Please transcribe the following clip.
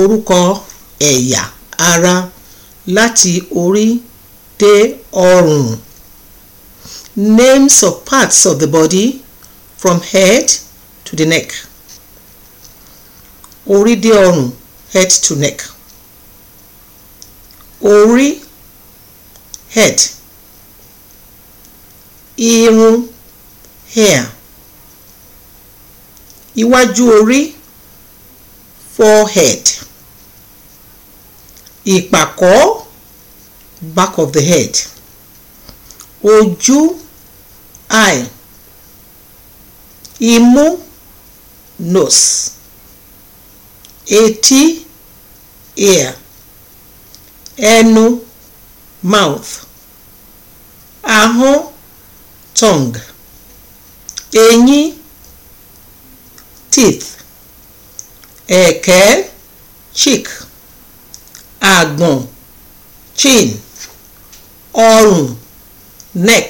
orúkọ ẹ̀yà ara láti orí dé ọrùn. Names of parts of the body from head to the neck. Orí dé ọrùn head to neck. Orí head. Irun hair. Iwájú orí forehead ìpàkọ́ back of the head ojú eye imú nose etí ear ẹnu mouth ahọ́n tongue eyín teeth ẹ̀kẹ́ cheek àgbọ̀n chin ọrùn neck